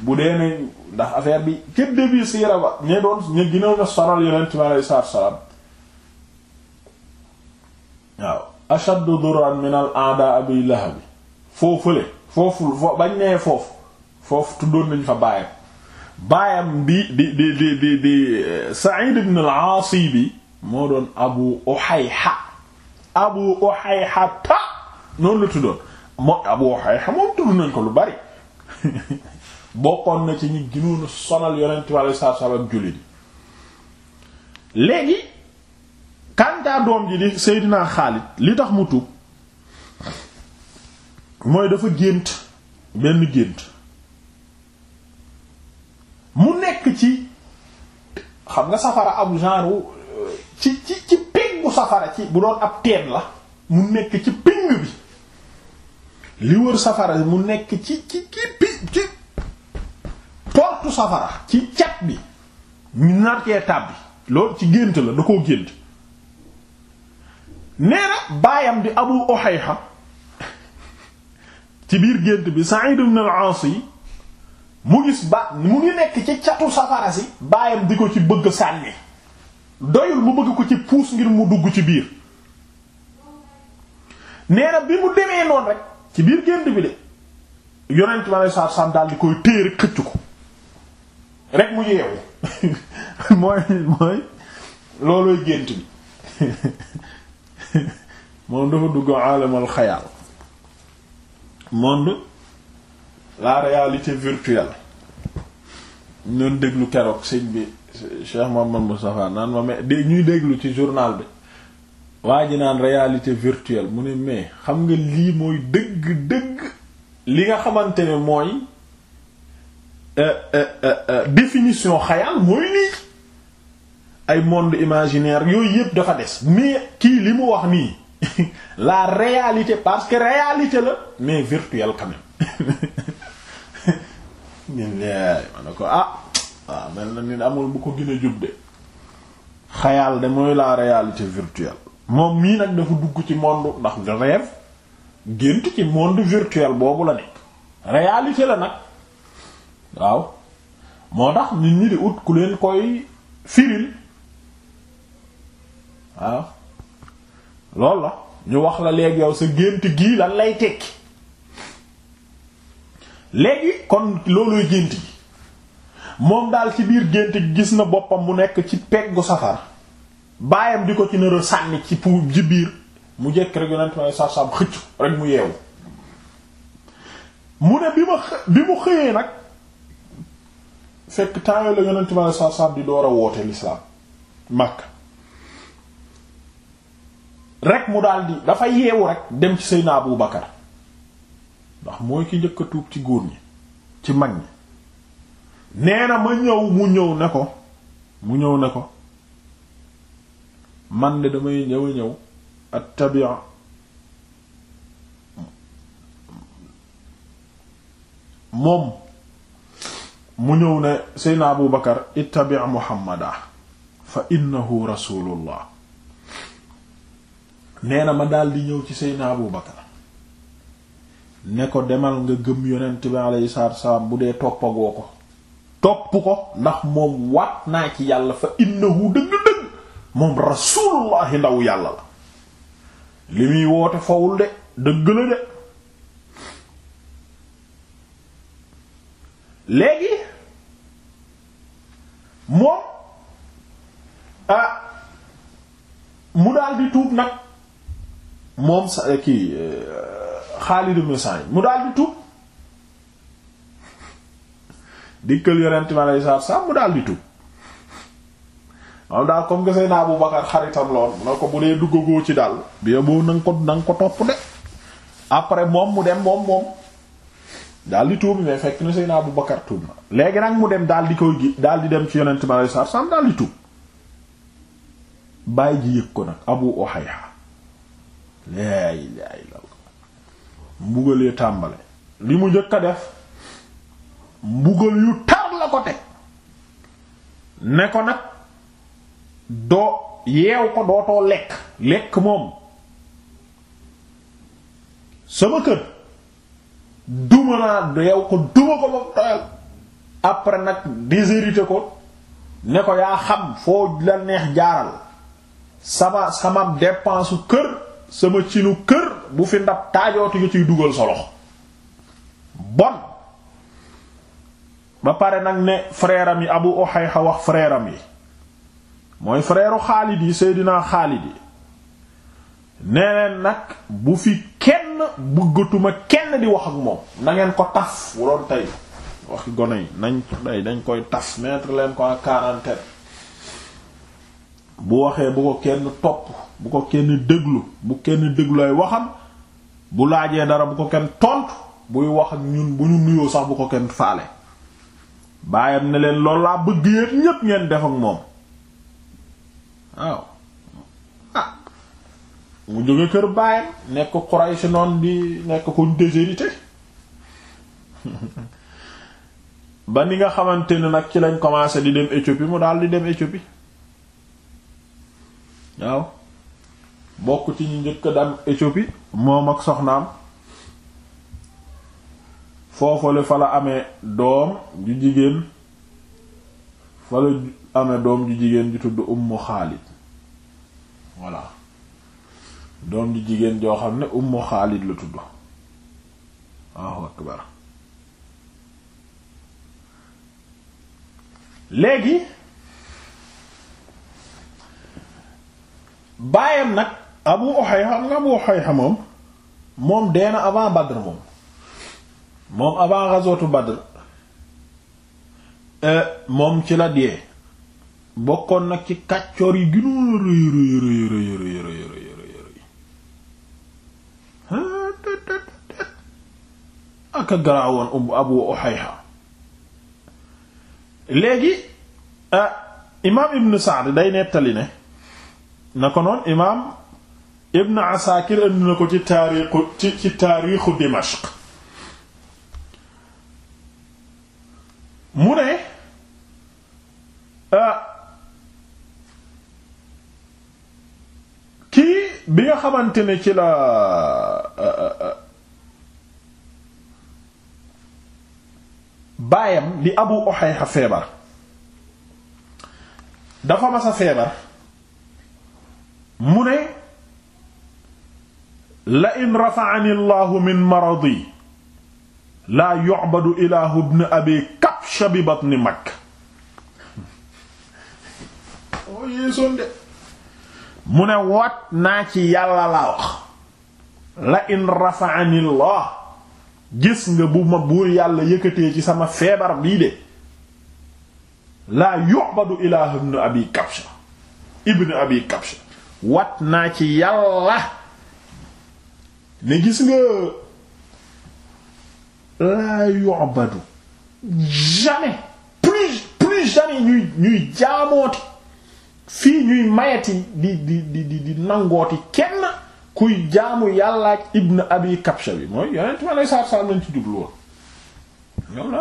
bu dee ne ndax affaire bi ca début siira ba ñe doon ñe ginnaaw na soral yonent bi alei salaatu salaam waaw ashaddu durran min al a'da abi lahab foofu le foofu bañ nee foofu foofu tuddoon nañ fa baayam baayam bi di di di di di eh, Sa'id ibn al bi moo doon Abu Uhayha Abu Uhayha ta noonu la tuddoon moo Abu Uhayha moom tudd nañ ko lu bari bokkoon na ci ñi gënoon sonal yonent bi alayhi salaatu wa salaam jullit léegi kantaa doom ji di Seydina Xaalid li tax mu tuub mooy dafa gént benn gént mu nekk ci xam nga safara ab genre euh, ci ci ci peggu safara ci bu doon ab teen la mu nekk ci ping bi li wër safara mu nekk ci ci ci pi ci portu safara ci cat bi ñu narkee tàbbi loolu ci gént la du koo gént nee na baayam di abu ohayha ci biir gént bi Sa'id ibn al-Aas yi mu gis ba mu ngi nekk ci catu safara si baayam di ko ci bëgg sànni doyul mu bëgg ko ci puus ngir mu dugg ci biir nee na bi mu demee noonu rek ci biir gént bi de yonent bi alei satu salaam daal di koy téye rek xëcc ko rek mu yeewu mooy mooy loolooy gént bi moom dafa dugg alamal xayaal monde la réalité virtuelle ñoon déglu keroog sëñ bi Cheikh Mouhamed Moustapha naan ma mais de ñuy déglu ci journal bi waa ji naan réalité virtuelle mu ne mais xam nga lii mooy dëgg-dëgg li nga xamante ne mooy euh, euh, euh, définition xayal mooy lii ay monde imaginaire yooyu yépp dafa des mais kii li mu wax nii la réalité parce que réalité la mais virtuelle quand même ñun yaay ma ko ah waaw mel na ni amul bu ko gën a jub de xayaal de mooy la réalité virtuelle moom mii nag dafa dugg ci monde ndax rêve gént ci monde virtuel boobu la nekk réalité la nag waaw moo tax nit ñi di ut ku leen koy firil waaw loolu la ñu wax la léegi yow sa gént gii lan lay tekki léegi kon looluy gént gi moom daal ci biir gént gi gis na boppam mu nekk ci peggu safara baayam di ko ci nër a sànni ci pour ji biir mu jekk rek yonent ma saab-saab xëccu rek mu yeewu mu ne bi ma bi mu xëyee nag fekk temps la yonent ma saab-saab di door a woote l'islam Makka rek mu daal di dafa yeewu rek dem ci Seydina Abu Bakar ndax mooy ki njëkk tuub ci góor ñi ci mag ñi nee na ma ñëw mu ñëw ne ko mu ñëw ne ko man de damay ñëw ñëw attabi'a moom mu ñëw ne Seydina Abu Bakar ittabi' Muhammadan fa innahu rasulullah nee na ma dal di ñëw ci Seydina Abu Bakar ne ko demal nga gëm yonent bi alayhi salaatu wassalaam bu dee toppagoo ko topp ko ndax moom waat naa ci yàlla fa innahu dëgg-dëgg moom rasulullahi ndaw yàlla la li muy woote fawul de dëgg la de léegi moom ah mu daal di tuub nag moom sa eh, kii eh, Xaalid ibn Sa'id mu daal di tuub dikkal yonent mi alayhi salaatu salaam mu daal di tuub moom daal comme que Seydina Abu Bakar xaritam lool na ko bu dee duggagoo ci daal bi boo na nga ko na ko topp de après moom mu dem moom moom daal di tuub mais fekk na naa bu Bakar tuub na léegi nag mu dem daal di koy gi daal di dem ci yonent ma alayhi salaatu salaam daal di tuub bàyyi ji yëg ko nag Abu Uhayha laa ilaaha illallah mbugalee tàmbale li mu jëkk a def mbugal yu tar la ko teg ne ko nag doo yeew ko doo dootoo lekk lekk moom sama kër duma naa yeew ko duma ko moom doyal après nag déshérité ko ne ko yaa xam foo la neex jaaral sama sama dépense kër sama cinu kër bu fi ndab taajootu yu ciy dugal solo loxo bon ba pare nag ne frère yi Abu Uhayha wax frère yi mooy freeru u Xaalid yi Seydina Xaalid yi neeneen nag bu fi kenn bëggatuma kenn di wax ak moom na ko taf wuroon tey waxi gone yi nañ day dañ koy taf mettre leen ko en quarantaine bu waxee bu ko kenn topp bu ko kenn déglu bu kenn déglu ay waxam bu laajee dara bu ko kenn tontu buy wax ñun bu ñu nuyoo sax bu ko kenn faale baayam ne leen loolu laa bëgg yéen ñépp ngeen def ak moom waaw ah mu jóge kër baayam nekk Quraysh noon di nekk ko déshérité ba ni nga xamante ne nag ci lañ commencé di dem Éthiopie mu daal di dem Éthiopie waaw bokk ci ñu njëkk dem Éthiopie moom ak soxnaam foofale fa la amee doom ju jigéen fa la amee doom ju jigéen ju tudd Ummu Xaalid voilà doom ju jigéen joo xam ne Ummu Xaalid la tudd Allahu akbar léegi baayam nag Abu Uhayha am Abu Uhayha moom moom dee na avant Badr moom moom avant ghazwatu Badr euh, moom ci la dee bokkoon nag ci kàccoor yi gënoon a rëy rëy rëy rëy rëy a garaawoon um Abu Uhayha léegi euh, imaam Ibn Sa'd day nettali ne na ko noon imaam ibn Asakir indi na Dimashq mu ne ah, kii bi nga xamante ne ci la ah, ah, baayam di Abu Uhayha feebar dafa masa a mu ne la in rafa'ani allahu min maradi laa yu'badu ibn abi kabsha bi batni makk oh, mu ne wat naa ci yàlla laa wax la in rafa'ani allah gis nga bu ma buur yàlla yëkkatee ci sama feebar bii de la yu'badu ibn abi kabsha wat naa ci yàlla ne gis nga laa yu'badu jamais plus plus jamais ñuy ñuy jaamooti fii ñuy mayati di di di di di nangooti kenn kuy jaamu yàlla ak ibn abi kabsha bi mooy yonent ma lay saar saar nañ ci jublu woon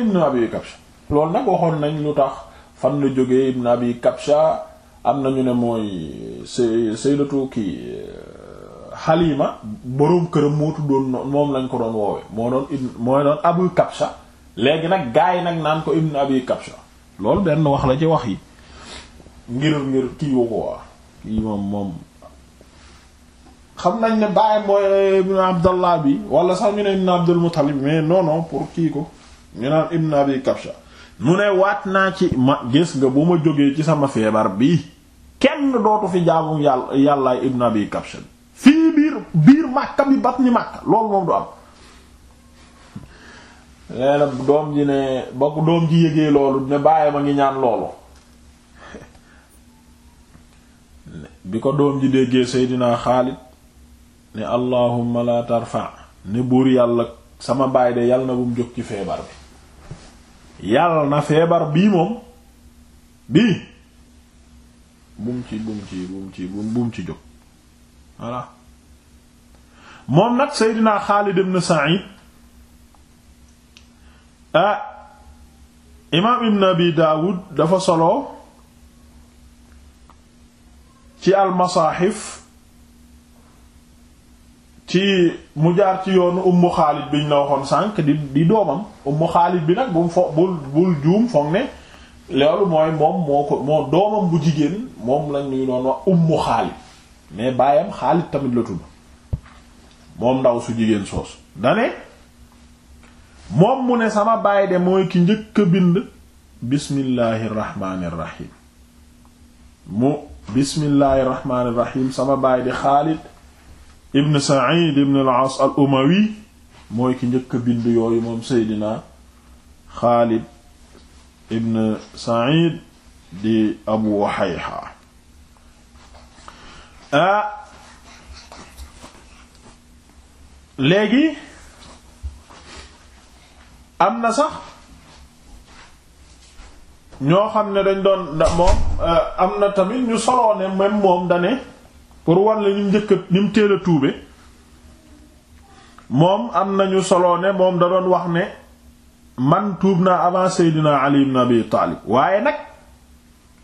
ibn abi kabsha loolu nag waxoon nañ lu tax fan la jógee ibn abi kabsha am nañu ne mooy say sayyidatu kii euh, Halima boroom këram moo tuddoon moom lañ ko doon woowe moo doon ibn mooy doon Abu Kabsha léegi nag gaa yi nag naan ko ibn Abi Kabsha lool benn wax la ci wax yi ngir ngir kii wu ko waa kii moom moom xam nañ ne bàyyi mooy ibn Abdallah bi wala sax ñu ne ibn Abdul Muttalib mais non pour kii ko ñu naan ibn Abi Kabsha mu ne waat naa ci ma gis nga bu ma jógee ci sama feebar bi kenn dootu fi jaamu yàlla yàllaay ibn abi kabsha fii biir biir màkka bi bat ni màkka loolu moom du am leena doom ji ne ba ko doom ji yégee loolu ne bàyyi ma ngi ñaan loolu bi ko doom ji déggee seydinaa xaalid ne allahumma la tarfa ne buur yàlla sama baay de yàlla na bu mu jóg ci feebar bi yàlla na feebar bii moom bii bum ci bum ci bum ci bum ci jóg moom nag Seydina Xaalid ibn Sa'id ah imaam Ibn Abi Daawud dafa solo ci al ci mu jaar ci yoonu ummu xaalid bi la waxoon sànq di di doomam ummu xaalid bi nag bu mu fo bul bul juum foog ne loolu mooy moom moo ko moo doomam bu jigéen moom lañ doon wax ummu xaalid mais baayam xaalid tamit la tudd moom ndaw su jigéen soos dane moom mu ne sama baay de mooy ki njëkk bind bismillahi irrahmani irrahim mu bismillahi sama baay di xaalid ibn Sa'id ibn al-As al-Umawi mooy ki njëkk a bind yooyu moom Seydina Xaalid ibn Sa'id di Abu Wahayha ah léegi am na sax ñoo xam ne dañ doon moom am na tamit ñu soloo ne moom dane pour war la ñu njëkk ni mu teel a tuube moom am nañu solo ne moom da doon wax ne man tuub naa avant seydina ali ibn abi taalib waaye nag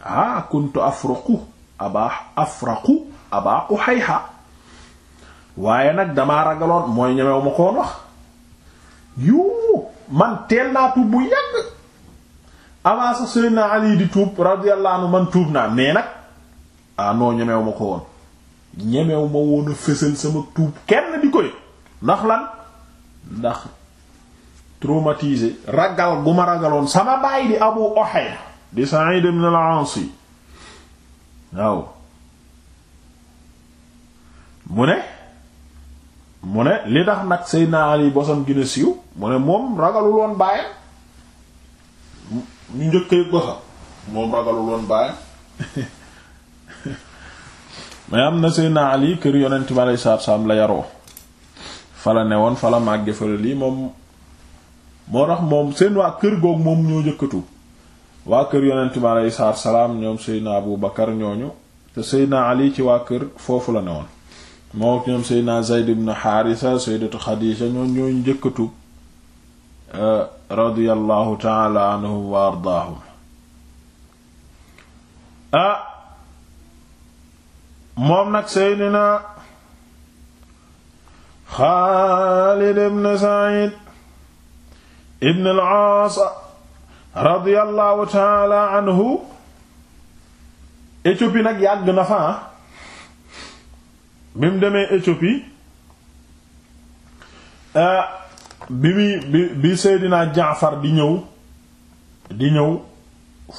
ah kuntu afraqu aba afraqu aba uhayha waaye nag damaa ragaloon mooy ñemew ma koon wax yuu man teel naa tuub bu yàgg avant sa seydina ali di tuub radiyallahu anhu man tuub naa mais nag ah non ñemew ma ko woon ñemew ma woon a fësal sama tuub kenn di ko ndax lan ndax traumatisé ragal gu ma ragaloon sama baay di Abu Uhayda di Sa'id ibn al-Aas waaw mu ne mu ne li tax nag Seydina Ali bosam gën a siiw mu ne moom ragalul woon baayam ñu njëkk yëg bosam moom ragalul woon mais am na Seydina Ali kër yonent bi aleyhi salaatu salaam la yaroo fala ne woon fala màgge fala lii moom moo tax moom seen waa kër goog moom ñoo jëkkatu waa kër yonent bi aleyhi salaatu salaam ñoom Seydina Abu Bakar ñooñu te Seydina Ali ci waa kër foofu la ne woon moo ñoom Seydina Zayd ibn Haarisa Sayyidatu Xadiija ñoom ñooñu jëkkatu eh, radiyallahu ta'ala anhum wa ardaahum ah, moom nag seydina xaalid ibn said ibn al-aas radiyallahu taala anhu Éthiopie nag yàgg na fa bi mu demee Éthiopie euh, bi bi bi jaafar di ñëw di ñëw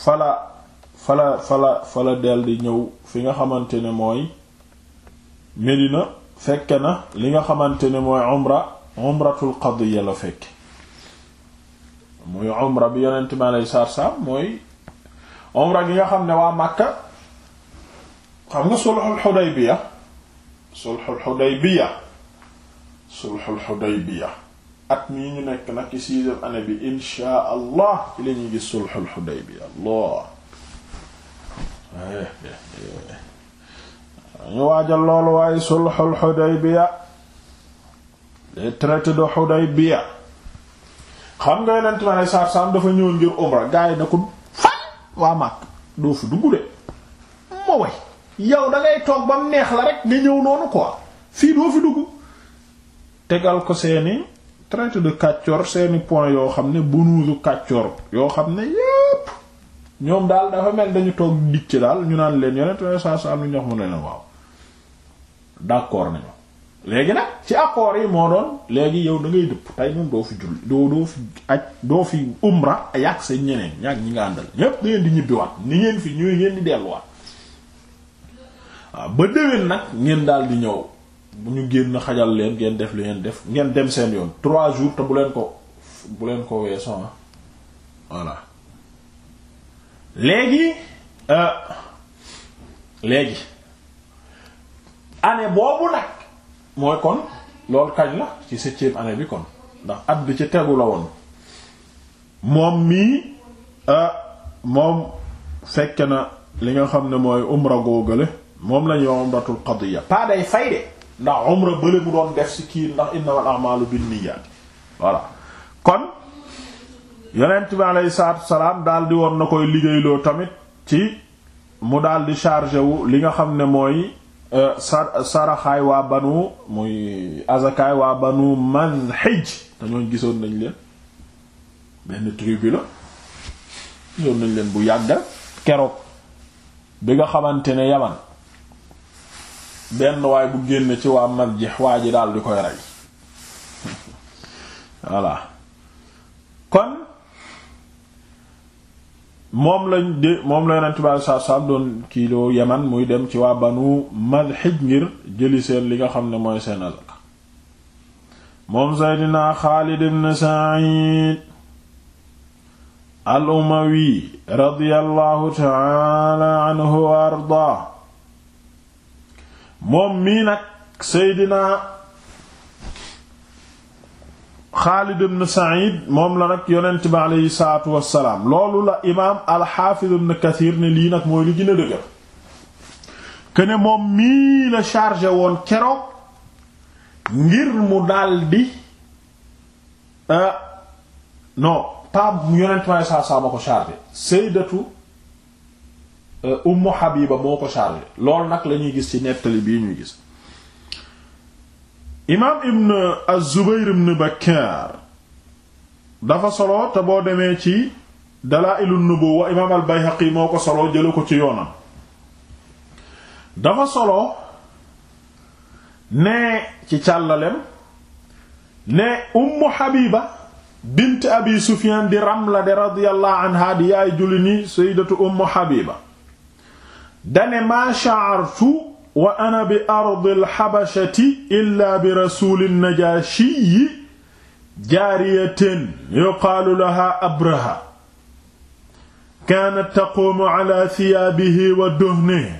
fala fala fala fala del di ñëw fi nga xamante ne mooy Medina fekke na li nga xamante ne mooy umra umratul qadiya la fekke muy umra bi yonent mooy umra gi nga xam ne waa Makka xam nga sulhul Hudaybiya sulhul Hudaybiya sulhul Hudaybiya at mii ñu nekk nag ci sixième année bi inshaa Allah ci la ñuy gis sulhul Hudaybiya Allah Eh, eh, eh. ñu waajal loolu waaye sulxul Xudaybiya le traité de Xudaybiya xam nga yonent ma ne saar-saam dafa ñëw ngir umra gaa yi na ko fan waa màkk doo fi dugg de ma way yow da toog ba neex la rek nga ñëw noonu quoi fii doo fi dugg tegal ko seeni traité de kàccoor seeni point yoo xam ne bunuusu kàccoor yoo xam ne yépp ñoom daal dafa mel dañu toog ci daal ñu naan leen yonent waaye saa saa am lu ñu mu ne leen waaw d'accord nañu léegi nag ci accords yi moo doon léegi yow da ngay dëpp tey moom doo fi julli doo doo fi aj doo fi umra yàq sa ñeneen ñaag ñi nga ñépp da ngeen di ñibbiwaat ni ngeen fi ñu ngeen di delluwaat waaw ba déwén nag ngeen daal di ñëw bu ñu génn xajal leen ngeen def li ngeen def ngeen dem seen yoon trois jours te bu leen ko bu leen ko weesoo voilà léegi euh, léegi année boobu nag mooy kon loolu kañ la ci septième année bi kon ndax at bi ci tegu la woon moom mii euh, moom fekk na li nga xam ne mooy umra góogale moom lañuy umratul qadiya pas day fay ndax umra bële mu doon def ci kii ndax innamal a'malu binniyat voilà kon yeneent bi aleyhi salaatu wasalaam di woon na koy liggéeyloo tamit ci mu daal di chargé wu li nga xam ne mooy euh, sa saraxaay waa banu muy azakaay waa banu manhij te ñooñ gisoon nañ leen benn tribu gisoon nañ leen bu yàgga keroog bi nga xamante ne yaman benn waay bu génn ci waa marjix waa ji daal di koy rey voilà kon moom lañ de moom la yonent bi saa saam doon kiiloo yaman muy dem ci waa banu madxij ngir jëli seen li nga xam ne mooy seen azaka moom seydinaa xaalid ibn sa'id al umawi radiyallahu taala anhu moom mii nag seydinaa Xaalid ibn Saïd moom la nag yonent bi aleyhi salaatu wassalaam loolu la imaam al-Hafiz Kathir ne lii nag mooy li gën a dëgër que moom mii la chargé woon keroog ngir mu daldi ah non pas yonent bi aleyhi salaatu wassalaam a ko chargé Sayyidatu euh, Ummu Habiba moo ko chargé loolu nag lañuy gis ci nettali bii ñuy gis. imaam ibn az ibn Bakkaar dafa solo te boo demee ci Dalaa'ilun Nubuwwa imaam al-Bayhaqi moo ko solo jële ko ci yoonam dafa solo ne ci càllalem ne Ummu Habiba bint Abi Sufyaan di Ramla de radiyallahu anha di yaay julli ni sayyidatu Ummu Habiba dane ma sha'artu wa ana bi ardi alxabashati illa bi rasuli najaashiyi jaariyatin yuqaalu laha abraha kaanat taquumu ala thiyaabihi wa duhnihi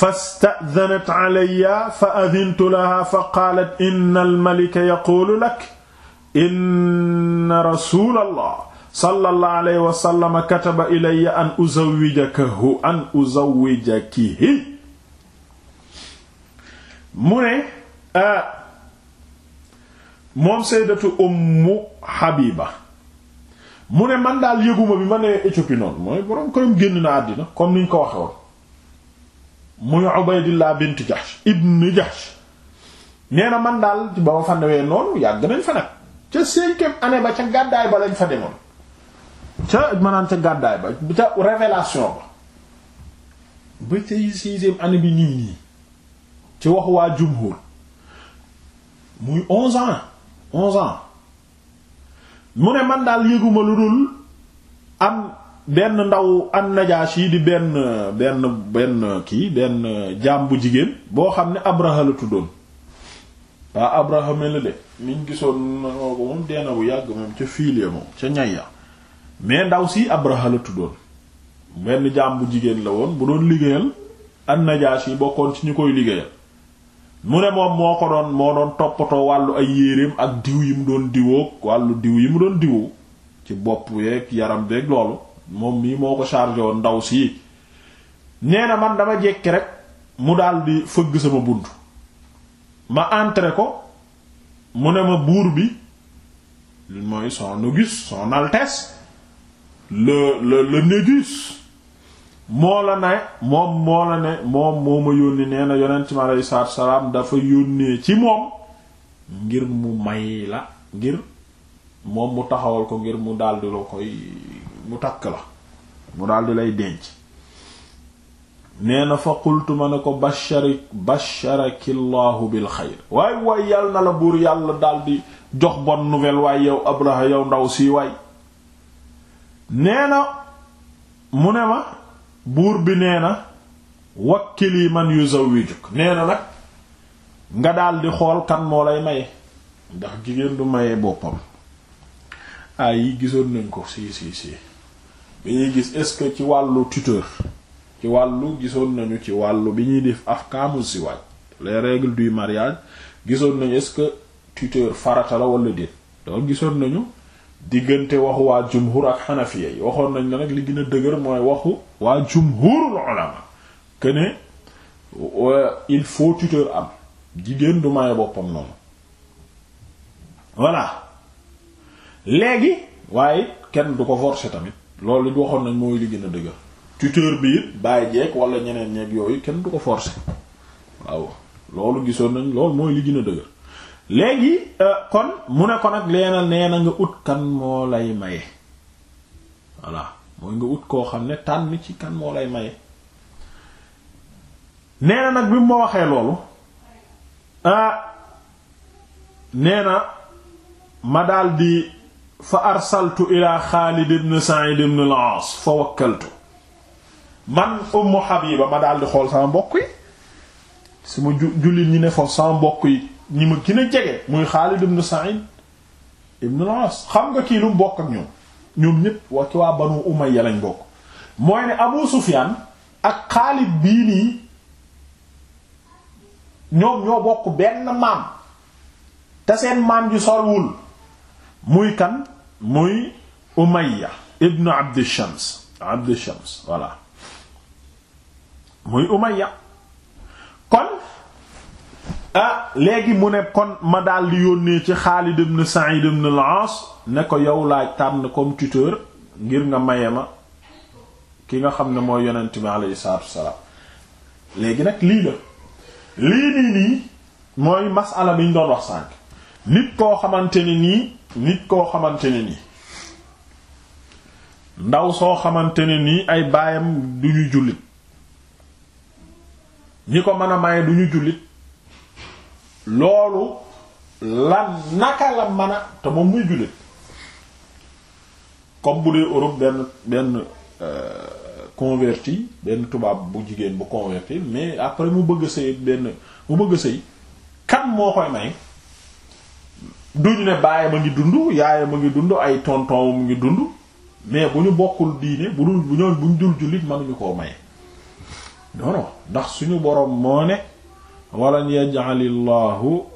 fasta'dhanat alayya fa adhintu laha fa qaalat inna almalika yaquulu lak inna rasuulallah sallallahu alayhi wa sallam kataba ilayya an uzawwijakahu an uzawwijakihi mu ne euh, moom sayyidatu ummu habiba mu ne man daal yëguma bi ma ne Éthiopie noonu mooy boroom këram génn na àddina comme ni ñu ko waxee woon muy Ubaydillah bint Jahsh ibn Jahsh nee na man daal ba ma fa newee noonu yàgg nañ fa nag ca cinquième année ba ca gàddaay ba lañ fa demoon ca maanaam ca gàddaay ba ca révélation ba ba ca sixième année bi nii nii ci wax waa jumhur muy onze ans onze ans mu ne man daal yëguma lu dul am benn ndaw an Najaashi di benn benn benn kii benn jaam bu jigéen boo xam ne Abraha la tuddoon waa Abraha mel de niñ gisoon noo ko moom deena yàgg moom ca fiilee moom ca ñayya mais ndaw sii Abraha la tuddoon benn jaam bu jigéen la woon bu doon liggéeyal an Najaashi bokkoon ci ñu koy liggéeyal mu ne moom moo ko doon moo doon toppatoo wàllu ay yéreem ak diw yi mu doon diwoo wàllu diw yi mu doon diwoo ci bopp yeeg yaram beeg loolu moom mii moo ko chargé woon ndaw si nee na man dama jekki rek mu daldi fëgg sama bunt ma entrer ko mu ne ma buur bi mooy son auguste son altesse le le le négus moo la ne moom moo ma yónni nee na yonent mi aleyhi salaatu salaam dafa yónnee ci moom ngir mu may la ngir moom mu taxawal ko ngir mu daldi la koy mu takk la mu daldi lay denc nee na fa qultu ma ne ko basharik basharakillahu bil xayr waay waay yàlla na la buur yàlla daldi jox bonne nouvelle waay yow Abraha yow ndaw si waay nee mu ne ma buur bi nee na wakkili man yuzawwijuk nee na nag nga daldi xool kan moo lay maye ndax jigéen du maye boppam ay ah, yi gisoon nañ ko si si si bi ñuy gis est-ce que ci wàllu tuteur ci wàllu gisoon nañu ci wàllu bi ñuy def ahkaamu ziwaaj les règles du mariage gisoon nañu est-ce que tuteur farata la wala déet donc gisoon nañu diggante waxu waa jumhur ak xanafiya yi waxoon nañ la nag li gën a dëgër mooy waxu waa jumhurul ulama ne il faut tuteur am jigéen du maye boppam noonu voilà léegi waaye kenn du ko forcer tamit loolu li waxoon nañ mooy li gën a dëgër tuteur bi it bàyyi wala ñeneen ñeeg yooyu kenn du ko forcer waaw loolu gisoon nañ loolu mooy li gën a dëgër léegi euh, kon mu ne ko nag leena nee na nga ut kan moo lay maye voilà mooy nga ut koo xam ne tànn ci kan moo lay maye neena nag bi mu ma waxee loolu euh, neena ma daldi fa arsaltu ila Xaalid ibn Sa'id ibn al-Aas fa wakkaltu man Ummu Habiba ma daldi xool sama mbokk yi su ma jullit ñi ne foofu sama mbokk yi ñi ma gën a jege muy Xaalid ibn Sa'id ibn al xam nga kii lu mu bokk ak ñoom ñoom ñëpp waa ci waa Banu Umayya lañ bokk mooy ne Abu Sufyaan ak Xaalid bii nii ñoom ñoo bokk benn maam te seen maam ju sorwul muy kan muy Umayya ibn Abd Shams Abd voilà muy Umayya kon ah léegi mu ne kon ma daal di yónnee ci Xaalid san yi ibn al-As ne ko yow laaj tànn comme tuteur ngir nga maye ma ki nga xam ne mooy yonent bi alayhi salaatu wassalaam léegi nag lii la lii nii nii mooy masala bi doon wax sànk nit koo xamante ne nii nit koo xamante ne nii ndaw soo xamante ne nii ay baayam du ñu jullit ñi ko mën a maye du ñu jullit loolu la naka la man a te moom muy jullit comme bu dee Europe benn benn euh, converti benn tubaab bu jigéen bu converti mais après mu bëgg sëy benn mu bëgg a sëy kan moo koy may duñu ne baayam a ngi dund yaayam a ngi dund ay tonton mu ngi dund mais bu ñu bokkul diine bu dul bu ñoon bu ñu dul jullit mënuñu koo may non ndax suñu boroom moo ne walan yaj'alillahu